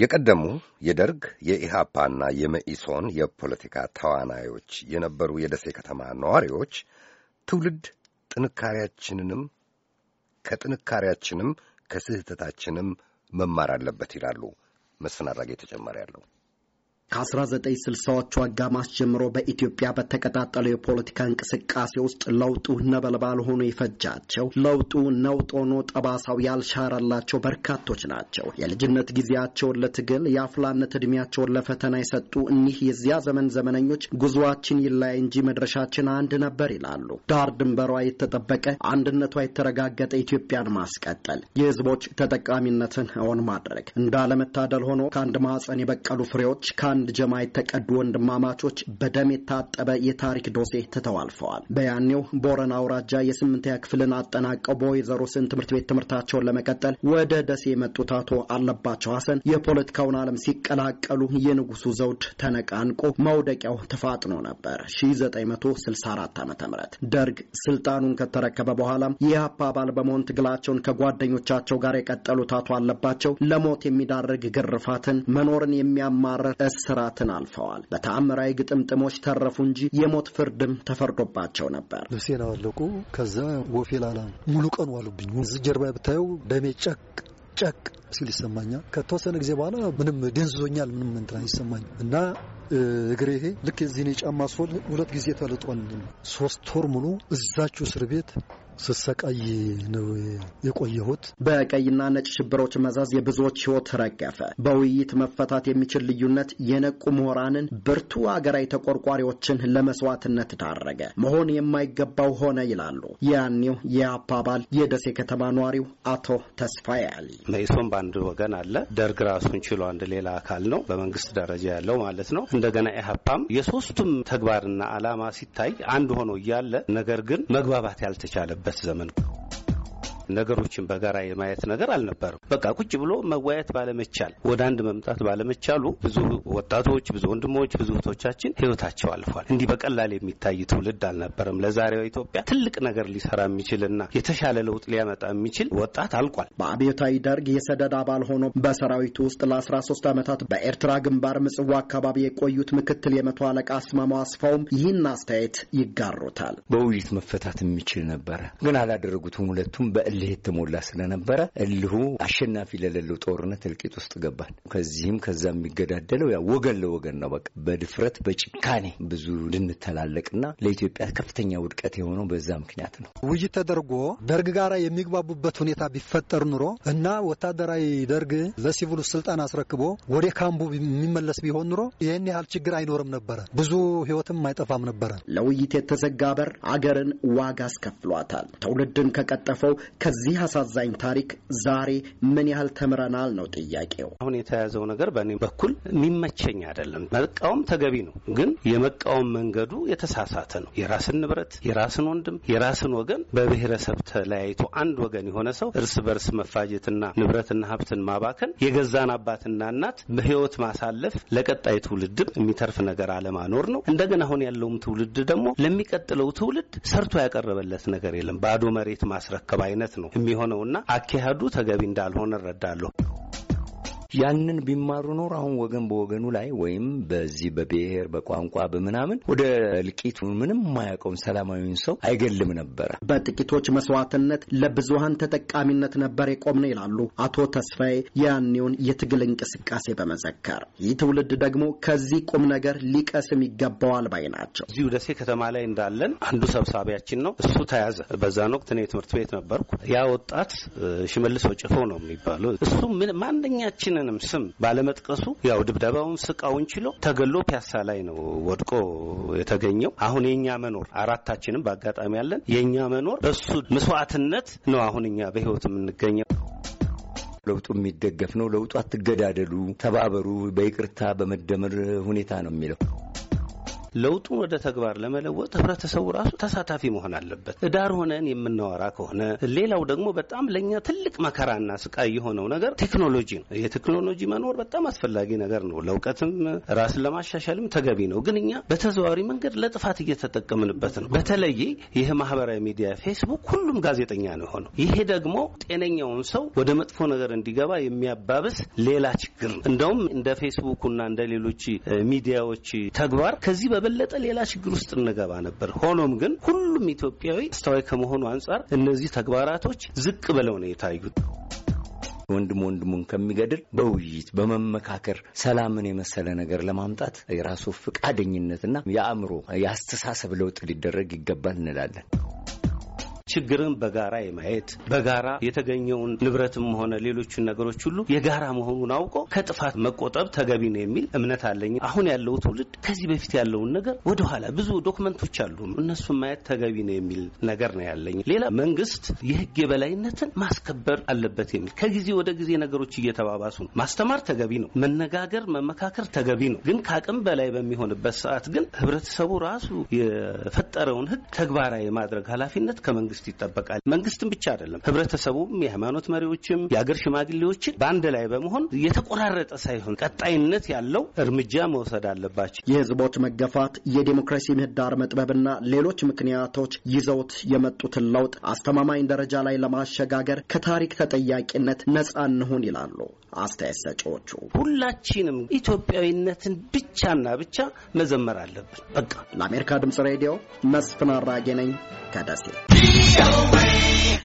የቀደሙ የደርግ የኢሃፓና የመኢሶን የፖለቲካ ተዋናዮች የነበሩ የደሴ ከተማ ነዋሪዎች ትውልድ ጥንካሬያችንንም ከጥንካሬያችንም ከስህተታችንም መማር አለበት ይላሉ። መስፍን አድራጌ ተጨማሪ ከ1960ዎቹ አጋማሽ ጀምሮ በኢትዮጵያ በተቀጣጠለው የፖለቲካ እንቅስቃሴ ውስጥ ለውጡ ነበልባል ሆኖ የፈጃቸው ለውጡ ነውጥ ሆኖ ጠባሳው ያልሻረላቸው በርካቶች ናቸው። የልጅነት ጊዜያቸውን ለትግል የአፍላነት ዕድሜያቸውን ለፈተና የሰጡ እኒህ የዚያ ዘመን ዘመነኞች ጉዞአችን ይለያይ እንጂ መድረሻችን አንድ ነበር ይላሉ። ዳር ድንበሯ የተጠበቀ አንድነቷ የተረጋገጠ ኢትዮጵያን ማስቀጠል፣ የህዝቦች ተጠቃሚነትን እውን ማድረግ እንዳለመታደል ሆኖ ከአንድ ማዕፀን የበቀሉ ፍሬዎች አንድ ጀማ የተቀዱ ወንድማማቾች በደም የታጠበ የታሪክ ዶሴ ትተው አልፈዋል። በያኔው ቦረና አውራጃ የስምንተኛ ክፍልን አጠናቀው በወይዘሮ ስን ትምህርት ቤት ትምህርታቸውን ለመቀጠል ወደ ደሴ የመጡት አቶ አለባቸው ሀሰን የፖለቲካውን ዓለም ሲቀላቀሉ የንጉሱ ዘውድ ተነቃንቆ መውደቂያው ተፋጥኖ ነበር። 1964 ዓ ም ደርግ ስልጣኑን ከተረከበ በኋላም የኢህአፓ አባል በመሆን ትግላቸውን ከጓደኞቻቸው ጋር የቀጠሉት አቶ አለባቸው ለሞት የሚዳርግ ግርፋትን፣ መኖርን የሚያማረር እስራትን አልፈዋል። በተአምራዊ ግጥምጥሞች ተረፉ እንጂ የሞት ፍርድም ተፈርዶባቸው ነበር። ልብሴን አወለቁ። ከዛ ወፌ ላላ ሙሉ ቀን ዋሉብኝ። እዚህ ጀርባ ብታየው ደሜ ጨቅ ጨቅ ሲል ይሰማኛል። ከተወሰነ ጊዜ በኋላ ምንም ደንዝዞኛል። ምንም እንትን ይሰማኝ እና እግሬ ይሄ ልክ የዚህኔ ጫማ ሶል ሁለት ጊዜ ተልጦን ሶስት ወር ሙሉ እዛችሁ እስር ቤት ስሰቃይ ነው የቆየሁት። በቀይና ነጭ ሽብሮች መዛዝ የብዙዎች ህይወት ረገፈ። በውይይት መፈታት የሚችል ልዩነት የነቁ ምሁራንን፣ ብርቱ አገራዊ ተቆርቋሪዎችን ለመስዋዕትነት ዳረገ። መሆን የማይገባው ሆነ ይላሉ ያኔው የአባባል አባል የደሴ ከተማ ነዋሪው አቶ ተስፋዬ አሊ። መኢሶን በአንድ ወገን አለ፣ ደርግ ራሱን ችሎ አንድ ሌላ አካል ነው በመንግስት ደረጃ ያለው ማለት ነው። እንደገና ኢህአፓም የሶስቱም ተግባርና አላማ ሲታይ አንድ ሆኖ እያለ ነገር ግን መግባባት ያልተቻለበት በሚኖርበት ዘመን ነገሮችን በጋራ የማየት ነገር አልነበረም። በቃ ቁጭ ብሎ መወያየት ባለመቻል ወደ አንድ መምጣት ባለመቻሉ ብዙ ወጣቶች፣ ብዙ ወንድሞች፣ ብዙ እህቶቻችን ህይወታቸው አልፏል። እንዲህ በቀላል የሚታይ ትውልድ አልነበረም። ለዛሬዋ ኢትዮጵያ ትልቅ ነገር ሊሰራ የሚችልና የተሻለ ለውጥ ሊያመጣ የሚችል ወጣት አልቋል። በአብዮታዊ ደርግ የሰደድ አባል ሆኖ በሰራዊቱ ውስጥ ለ13 ዓመታት በኤርትራ ግንባር ምጽዋ አካባቢ የቆዩት ምክትል የመቶ አለቃ አስማማው አስፋውም ይህን አስተያየት ይጋሩታል። በውይይት መፈታት የሚችል ነበረ፣ ግን አላደረጉትም። ሁለቱም በእል በእልህ የተሞላ ስለነበረ እልሁ አሸናፊ ለሌለው ጦርነት እልቂት ውስጥ ገባል። ከዚህም ከዛ የሚገዳደለው ያ ወገን ለወገን ነው። በቃ በድፍረት በጭካኔ ብዙ ልንተላለቅና ለኢትዮጵያ ከፍተኛ ውድቀት የሆነው በዛ ምክንያት ነው። ውይይት ተደርጎ ደርግ ጋር የሚግባቡበት ሁኔታ ቢፈጠር ኑሮ እና ወታደራዊ ደርግ ለሲቪሉ ስልጣን አስረክቦ ወደ ካምቡ የሚመለስ ቢሆን ኑሮ ይህን ያህል ችግር አይኖርም ነበረ። ብዙ ህይወትም አይጠፋም ነበረ። ለውይይት የተዘጋ በር አገርን ዋጋ አስከፍሏታል። ትውልድን ከቀጠፈው ከዚህ አሳዛኝ ታሪክ ዛሬ ምን ያህል ተምረናል ነው ጥያቄው። አሁን የተያዘው ነገር በእኔ በኩል የሚመቸኝ አይደለም። መቃወም ተገቢ ነው፣ ግን የመቃወም መንገዱ የተሳሳተ ነው። የራስን ንብረት፣ የራስን ወንድም፣ የራስን ወገን በብሔረሰብ ተለያይቶ አንድ ወገን የሆነ ሰው እርስ በርስ መፋጀትና ንብረትና ሀብትን ማባከን የገዛን አባትና እናት በህይወት ማሳለፍ ለቀጣይ ትውልድም የሚተርፍ ነገር አለማኖር ነው። እንደገና አሁን ያለውም ትውልድ ደግሞ ለሚቀጥለው ትውልድ ሰርቶ ያቀረበለት ነገር የለም። ባዶ መሬት ማስረከብ አይነት ነው የሚሆነውና አካሄዱ ተገቢ እንዳልሆነ እረዳለሁ። ያንን ቢማሩ ኖር አሁን ወገን በወገኑ ላይ ወይም በዚህ በብሔር በቋንቋ በምናምን ወደ እልቂቱ ምንም የማያውቀውን ሰላማዊን ሰው አይገልም ነበረ። በጥቂቶች መስዋዕትነት ለብዙሀን ተጠቃሚነት ነበር የቆምነ ይላሉ አቶ ተስፋዬ ያኔውን የትግል እንቅስቃሴ በመዘከር ይህ ትውልድ ደግሞ ከዚህ ቁም ነገር ሊቀስም ይገባዋል ባይ ናቸው። እዚሁ ደሴ ከተማ ላይ እንዳለን አንዱ ሰብሳቢያችን ነው። እሱ ተያዘ። በዛን ወቅት እኔ ትምህርት ቤት ነበርኩ። ያ ወጣት ሽመልሶ ጭፎ ነው የሚባለው። እሱ ማንኛችን የማንንም ስም ባለመጥቀሱ ያው ድብደባውን ስቃውን ችሎ ተገሎ ፒያሳ ላይ ነው ወድቆ የተገኘው። አሁን የእኛ መኖር አራታችንም በአጋጣሚ ያለን የእኛ መኖር በሱ መስዋዕትነት ነው አሁን እኛ በህይወት የምንገኘው። ለውጡ የሚደገፍ ነው። ለውጡ አትገዳደሉ፣ ተባበሩ፣ በይቅርታ በመደመር ሁኔታ ነው የሚለው ለውጡን ወደ ተግባር ለመለወጥ ህብረተሰቡ ራሱ ተሳታፊ መሆን አለበት። ዳር ሆነን የምናወራ ከሆነ ሌላው ደግሞ በጣም ለእኛ ትልቅ መከራና ስቃይ የሆነው ነገር ቴክኖሎጂ ነው። የቴክኖሎጂ መኖር በጣም አስፈላጊ ነገር ነው። ለእውቀትም ራስን ለማሻሻልም ተገቢ ነው። ግን እኛ በተዘዋዋሪ መንገድ ለጥፋት እየተጠቀምንበት ነው። በተለይ ይህ ማህበራዊ ሚዲያ ፌስቡክ፣ ሁሉም ጋዜጠኛ ነው የሆነው። ይሄ ደግሞ ጤነኛውን ሰው ወደ መጥፎ ነገር እንዲገባ የሚያባብስ ሌላ ችግር ነው። እንደውም እንደ ፌስቡኩና እንደ ሌሎች ሚዲያዎች ተግባር ከዚህ በበለጠ ሌላ ችግር ውስጥ እንገባ ነበር። ሆኖም ግን ሁሉም ኢትዮጵያዊ አስተዋይ ከመሆኑ አንጻር እነዚህ ተግባራቶች ዝቅ ብለው ነው የታዩት። ወንድም ወንድሙን ከሚገድል በውይይት በመመካከር ሰላምን የመሰለ ነገር ለማምጣት የራሱ ፈቃደኝነትና የአእምሮ የአስተሳሰብ ለውጥ ሊደረግ ይገባል እንላለን። ችግርን በጋራ የማየት በጋራ የተገኘውን ንብረትም ሆነ ሌሎችን ነገሮች ሁሉ የጋራ መሆኑን አውቆ ከጥፋት መቆጠብ ተገቢ ነው የሚል እምነት አለኝ። አሁን ያለው ትውልድ ከዚህ በፊት ያለውን ነገር ወደኋላ ብዙ ዶክመንቶች አሉ፣ እነሱን ማየት ተገቢ ነው የሚል ነገር ነው ያለኝ። ሌላ መንግስት የህግ የበላይነትን ማስከበር አለበት የሚል ከጊዜ ወደ ጊዜ ነገሮች እየተባባሱ ነው። ማስተማር ተገቢ ነው፣ መነጋገር መመካከር ተገቢ ነው። ግን ከአቅም በላይ በሚሆንበት ሰዓት ግን ህብረተሰቡ ራሱ የፈጠረውን ህግ ተግባራዊ ማድረግ ኃላፊነት ከመንግስት መንግስት ይጠበቃል። መንግስትም ብቻ አይደለም፣ ህብረተሰቡም፣ የሃይማኖት መሪዎችም፣ የአገር ሽማግሌዎችን በአንድ ላይ በመሆን የተቆራረጠ ሳይሆን ቀጣይነት ያለው እርምጃ መውሰድ አለባቸው። የህዝቦች መገፋት፣ የዲሞክራሲ ምህዳር መጥበብና ሌሎች ምክንያቶች ይዘውት የመጡትን ለውጥ አስተማማኝ ደረጃ ላይ ለማሸጋገር ከታሪክ ተጠያቂነት ነጻ እንሁን ይላሉ አስተያየት ሰጪዎቹ። ሁላችንም ኢትዮጵያዊነትን ብቻና ብቻ መዘመር አለብን። በቃ ለአሜሪካ ድምፅ ሬዲዮ መስፍን አራጌ ነኝ ከደሴ። away.